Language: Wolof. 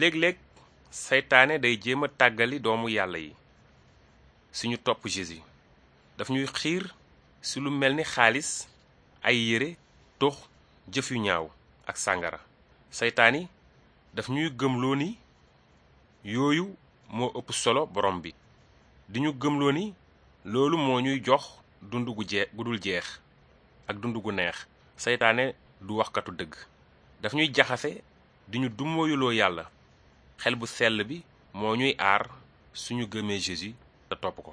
léeg-léeg seytaane day jéem a tàggali doomu yàlla yi suñu topp Jésus daf ñuy xiir ci lu mel ni xaalis ay yére tox jëf yu ñaaw ak sàngara saytaani yi daf ñuy gëmloo ni yooyu moo ëpp solo borom bi di ñu gëmloo ni loolu moo ñuy jox dund gu jeex jeex ak dund gu neex saytaane du waxkatu dëgg daf ñuy jaxase di ñu dummóoyuloo yàlla xel bu sell bi moo ñuy aar suñu gëmee Jésus te topp ko